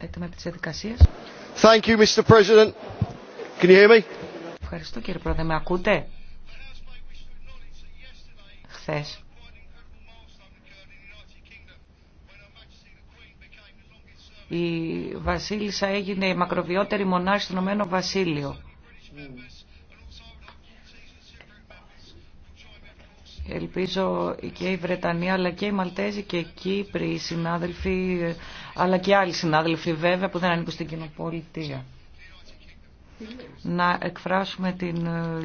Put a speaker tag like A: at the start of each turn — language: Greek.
A: Thank you, Mr. President. Can you hear me? Ευχαριστώ κύριε Πρόεδρε. Με ακούτε? Χθες.
B: Η Βασίλισσα έγινε η μακροβιότερη μονάρχη στον Ομένο Βασίλειο.
C: Mm.
B: Ελπίζω και η Βρετανία αλλά και οι Μαλτέζοι και οι Κύπροι συνάδελφοι αλλά και άλλοι συνάδελφοι βέβαια που δεν ανήκουν στην κοινοπολιτεία να εκφράσουμε
D: την